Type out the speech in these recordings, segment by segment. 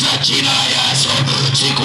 za jina ya Yesu siku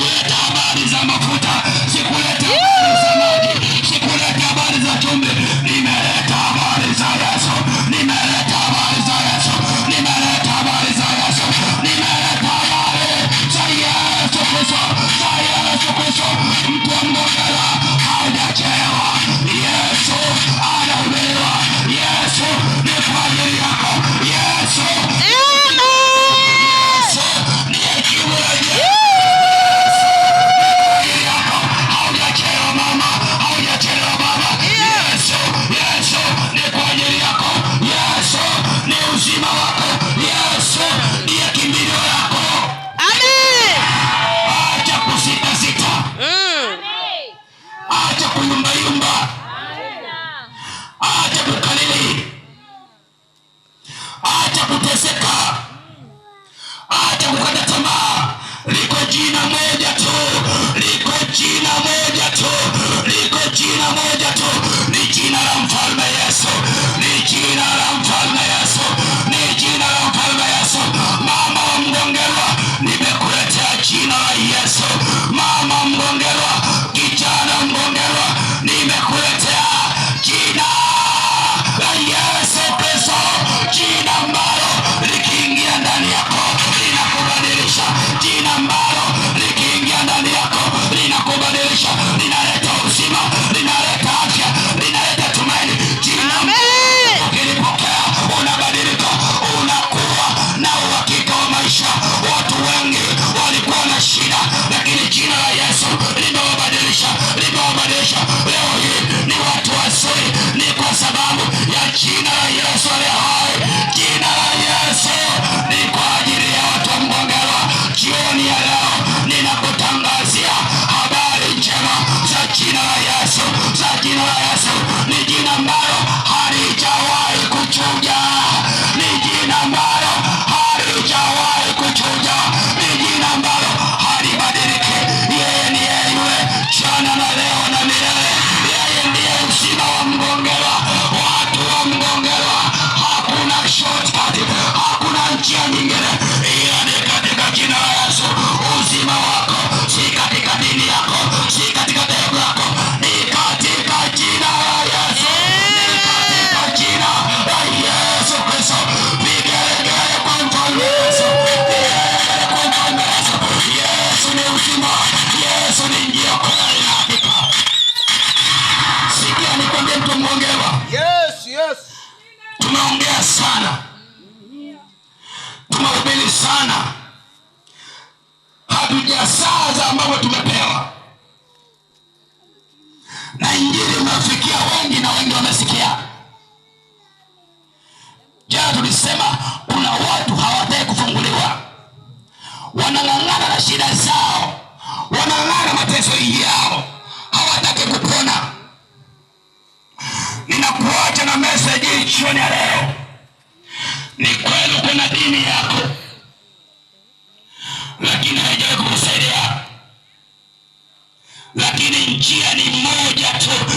kupiga saa za ambavyo tumepewa, na injili unafikia wengi na wengi wamesikia. Jana tulisema kuna watu hawataki kufunguliwa, wanang'ang'ana na shida zao, wanang'ang'ana mateso yao, hawataki kupona. Ninakuacha na meseji jioni ya leo. Ni kweli kuna dini yako lakini njia ni moja tu.